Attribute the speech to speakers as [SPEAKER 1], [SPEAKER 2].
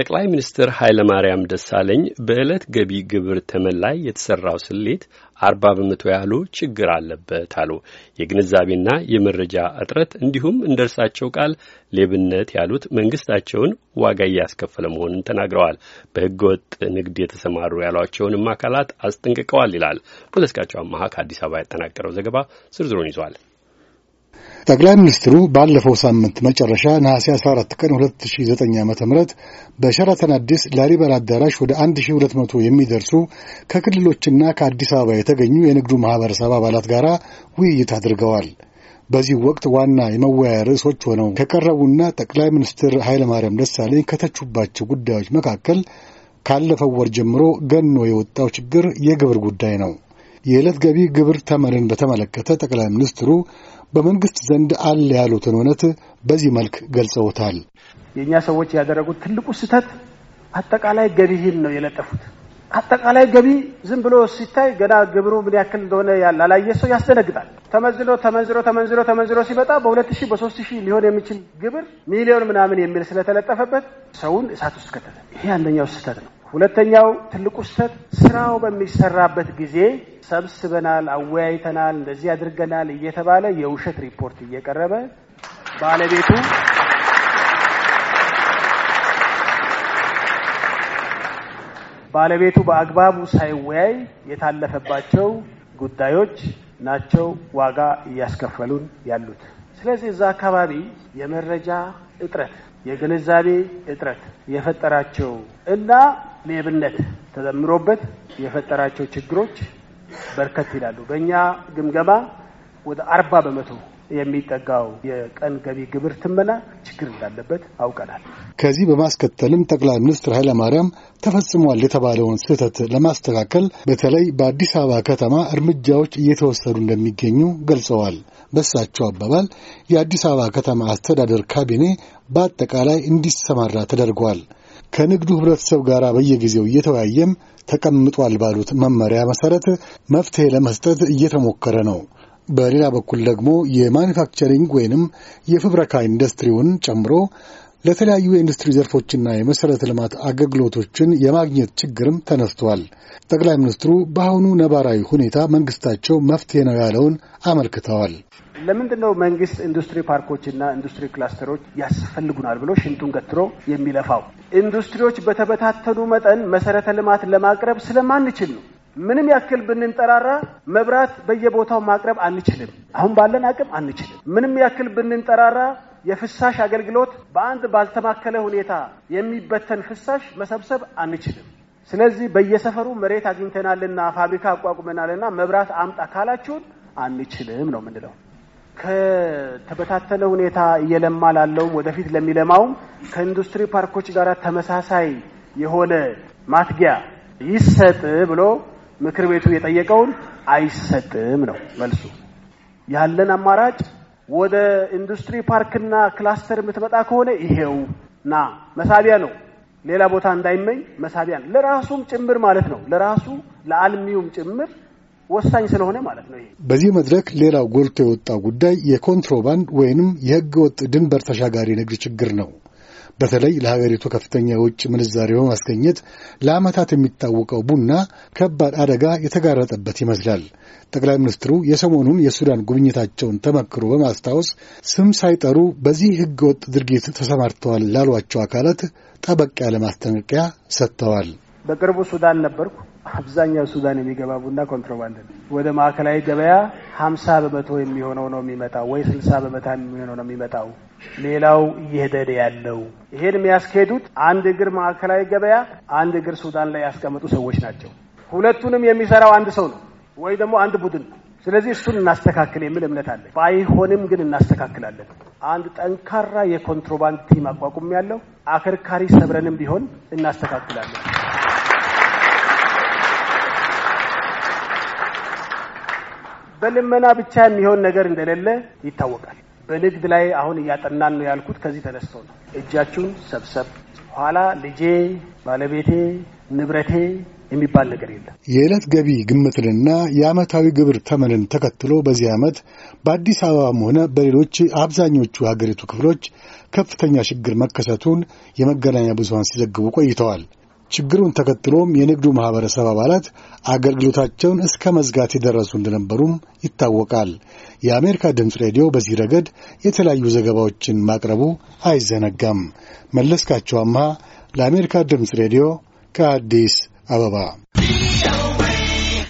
[SPEAKER 1] ጠቅላይ ሚኒስትር ኃይለማርያም ደሳለኝ በዕለት ገቢ ግብር ተመን ላይ የተሰራው ስሌት አርባ በመቶ ያህሉ ችግር አለበት አሉ። የግንዛቤና የመረጃ እጥረት እንዲሁም እንደ እርሳቸው ቃል ሌብነት ያሉት መንግስታቸውን ዋጋ እያስከፈለ መሆኑን ተናግረዋል። በህገወጥ ወጥ ንግድ የተሰማሩ ያሏቸውንም አካላት አስጠንቅቀዋል ይላል መለስካቸው አመሀ ከአዲስ አበባ ያጠናቀረው ዘገባ ዝርዝሩን ይዟል።
[SPEAKER 2] ጠቅላይ ሚኒስትሩ ባለፈው ሳምንት መጨረሻ ነሐሴ 14 ቀን 2009 ዓ ም በሸራተን አዲስ ላሊበላ አዳራሽ ወደ 1200 የሚደርሱ ከክልሎችና ከአዲስ አበባ የተገኙ የንግዱ ማኅበረሰብ አባላት ጋር ውይይት አድርገዋል። በዚህ ወቅት ዋና የመወያያ ርዕሶች ሆነው ከቀረቡና ጠቅላይ ሚኒስትር ኃይለማርያም ደሳለኝ ከተቹባቸው ጉዳዮች መካከል ካለፈው ወር ጀምሮ ገኖ የወጣው ችግር የግብር ጉዳይ ነው። የዕለት ገቢ ግብር ተመርን በተመለከተ ጠቅላይ ሚኒስትሩ በመንግስት ዘንድ አለ ያሉትን እውነት በዚህ መልክ ገልጸውታል።
[SPEAKER 1] የእኛ ሰዎች ያደረጉት ትልቁ ስህተት አጠቃላይ ገቢህን ነው የለጠፉት። አጠቃላይ ገቢ ዝም ብሎ ሲታይ ገና ግብሩ ምን ያክል እንደሆነ ያላላየ ሰው ያስደነግጣል። ተመዝኖ ተመንዝሮ ተመንዝሮ ተመንዝሮ ሲመጣ በሁለት ሺህ በሶስት ሺህ ሊሆን የሚችል ግብር ሚሊዮን ምናምን የሚል ስለተለጠፈበት ሰውን እሳት ውስጥ ከተተ። ይሄ አንደኛው ስህተት ነው። ሁለተኛው ትልቁ ስህተት ስራው በሚሰራበት ጊዜ ሰብስበናል፣ አወያይተናል፣ እንደዚህ አድርገናል እየተባለ የውሸት ሪፖርት እየቀረበ ባለቤቱ ባለቤቱ በአግባቡ ሳይወያይ የታለፈባቸው ጉዳዮች ናቸው ዋጋ እያስከፈሉን ያሉት። ስለዚህ እዛ አካባቢ የመረጃ እጥረት የግንዛቤ እጥረት የፈጠራቸው እና ሌብነት ተደምሮበት የፈጠራቸው ችግሮች በርከት ይላሉ። በእኛ ግምገማ ወደ አርባ በመቶ የሚጠጋው የቀን ገቢ ግብር ትመና ችግር እንዳለበት አውቀናል።
[SPEAKER 2] ከዚህ በማስከተልም ጠቅላይ ሚኒስትር ማርያም ተፈጽሟል የተባለውን ስህተት ለማስተካከል በተለይ በአዲስ አበባ ከተማ እርምጃዎች እየተወሰዱ እንደሚገኙ ገልጸዋል። በሳቸው አባባል የአዲስ አበባ ከተማ አስተዳደር ካቢኔ በአጠቃላይ እንዲሰማራ ተደርጓል። ከንግዱ ህብረተሰብ ጋር በየጊዜው እየተወያየም ተቀምጧል ባሉት መመሪያ መሰረት መፍትሄ ለመስጠት እየተሞከረ ነው። በሌላ በኩል ደግሞ የማኒፋክቸሪንግ ወይንም የፍብረካ ኢንዱስትሪውን ጨምሮ ለተለያዩ የኢንዱስትሪ ዘርፎችና የመሠረተ ልማት አገልግሎቶችን የማግኘት ችግርም ተነስቷል። ጠቅላይ ሚኒስትሩ በአሁኑ ነባራዊ ሁኔታ መንግስታቸው መፍትሄ ነው ያለውን አመልክተዋል።
[SPEAKER 1] ለምንድን ነው መንግስት ኢንዱስትሪ ፓርኮችና ኢንዱስትሪ ክላስተሮች ያስፈልጉናል ብሎ ሽንጡን ገትሮ የሚለፋው? ኢንዱስትሪዎች በተበታተኑ መጠን መሰረተ ልማት ለማቅረብ ስለማንችል ነው። ምንም ያክል ብንንጠራራ መብራት በየቦታው ማቅረብ አንችልም። አሁን ባለን አቅም አንችልም። ምንም ያክል ብንንጠራራ የፍሳሽ አገልግሎት በአንድ ባልተማከለ ሁኔታ የሚበተን ፍሳሽ መሰብሰብ አንችልም። ስለዚህ በየሰፈሩ መሬት አግኝተናልና ፋብሪካ አቋቁመናልና መብራት አምጣ ካላችሁን አንችልም ነው የምንለው። ከተበታተነ ሁኔታ እየለማ ላለውም ወደፊት ለሚለማውም ከኢንዱስትሪ ፓርኮች ጋር ተመሳሳይ የሆነ ማትጊያ ይሰጥ ብሎ ምክር ቤቱ የጠየቀውን አይሰጥም ነው መልሱ። ያለን አማራጭ ወደ ኢንዱስትሪ ፓርክና ክላስተር የምትመጣ ከሆነ ይሄው ና መሳቢያ ነው። ሌላ ቦታ እንዳይመኝ መሳቢያ ነው። ለራሱም ጭምር ማለት ነው። ለራሱ ለአልሚውም ጭምር ወሳኝ ስለሆነ ማለት ነው።
[SPEAKER 2] በዚህ መድረክ ሌላው ጎልቶ የወጣው ጉዳይ የኮንትሮባንድ ወይንም የሕገ ወጥ ድንበር ተሻጋሪ ንግድ ችግር ነው። በተለይ ለሀገሪቱ ከፍተኛ የውጭ ምንዛሬ በማስገኘት ለዓመታት የሚታወቀው ቡና ከባድ አደጋ የተጋረጠበት ይመስላል። ጠቅላይ ሚኒስትሩ የሰሞኑን የሱዳን ጉብኝታቸውን ተመክሮ በማስታወስ ስም ሳይጠሩ በዚህ ህገወጥ ድርጊት ተሰማርተዋል ላሏቸው አካላት ጠበቅ ያለ ማስጠንቀቂያ ሰጥተዋል።
[SPEAKER 1] በቅርቡ ሱዳን ነበርኩ። አብዛኛው ሱዳን የሚገባ ቡና ኮንትሮባንድ ነው። ወደ ማዕከላዊ ገበያ ሀምሳ በመቶ የሚሆነው ነው የሚመጣው ወይ ስልሳ በመቶ የሚሆነው ነው የሚመጣው። ሌላው እየሄደ ያለው ይሄን የሚያስኬዱት አንድ እግር ማዕከላዊ ገበያ፣ አንድ እግር ሱዳን ላይ ያስቀመጡ ሰዎች ናቸው። ሁለቱንም የሚሰራው አንድ ሰው ነው ወይ ደግሞ አንድ ቡድን ነው። ስለዚህ እሱን እናስተካክል የሚል እምነት አለ። ባይሆንም ግን እናስተካክላለን። አንድ ጠንካራ የኮንትሮባንድ ቲም አቋቁም ያለው አከርካሪ ሰብረንም ቢሆን እናስተካክላለን። በልመና ብቻ የሚሆን ነገር እንደሌለ ይታወቃል። በንግድ ላይ አሁን እያጠናን ነው ያልኩት ከዚህ ተነስቶ ነው። እጃችሁን ሰብሰብ፣ ኋላ ልጄ፣ ባለቤቴ፣ ንብረቴ የሚባል ነገር የለም።
[SPEAKER 2] የዕለት ገቢ ግምትንና የዓመታዊ ግብር ተመንን ተከትሎ በዚህ ዓመት በአዲስ አበባም ሆነ በሌሎች አብዛኞቹ ሀገሪቱ ክፍሎች ከፍተኛ ችግር መከሰቱን የመገናኛ ብዙሀን ሲዘግቡ ቆይተዋል። ችግሩን ተከትሎም የንግዱ ማህበረሰብ አባላት አገልግሎታቸውን እስከ መዝጋት የደረሱ እንደነበሩም ይታወቃል። የአሜሪካ ድምፅ ሬዲዮ በዚህ ረገድ የተለያዩ ዘገባዎችን ማቅረቡ አይዘነጋም። መለስካቸው አምሃ ለአሜሪካ ድምፅ ሬዲዮ ከአዲስ አበባ